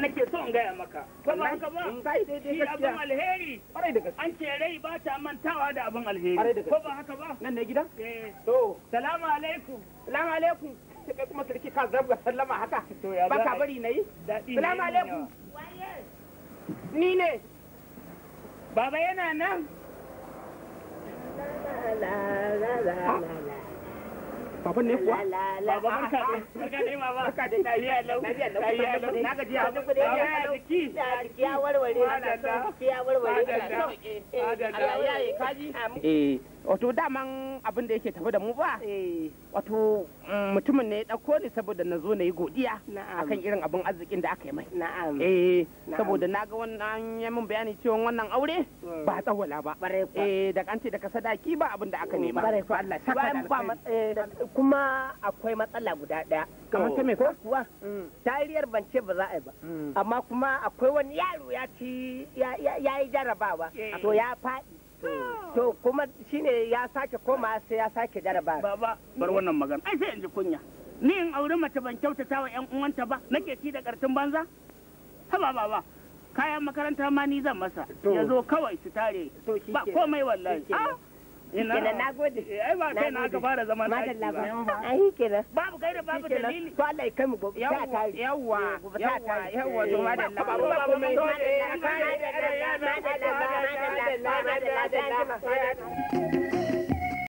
nake so in gaya maka ko ba haka ba shi abin alheri an ce rai ba ta mantawa da abin alheri ko ba haka ba nan ne gida eh. to salamu alaikum salamu alaikum kai kuma sarki ka zabga sallama haka ba ka bari na yi salamu alaikum ni ne baba yana nan la ah. la la la la baban ne kuwa baba barka barka baba barka na ya eh, kaji eh. eh. wato daman abin da yake tafi da mu ba eh. wato mm, mutumin ne ya ɗauko ni saboda na zo na yi godiya akan irin abin arzikin da aka yi mai eh saboda na ga wannan ya min bayani cewa wannan aure hmm. ba tsawala ba eh da kanti da sadaki ba abin da aka hmm, nema Allah eh, kuma akwai matsala guda daya kamar ta me ko kuwa tariyar hmm. bance ba za a yi ba amma kuma akwai wani yaro ya ci ya yi jarabawa eh. to ya faɗi to kuma shine ya sake koma sai ya sake jaraba baba bar wannan magana ai sai yanzu kunya ni in aure mace ban kyautata wa yan uwanta ba nake ci da kartin banza ba ba. kayan makaranta ma ni zan masa ya zo kawai su tare ba komai wallahi kenan na gode ai ba kai na aka fara zaman aiki ba ai kenan babu babu dalili to Allah ya kai mu gobe ta tare yawa yawa yawa to madalla la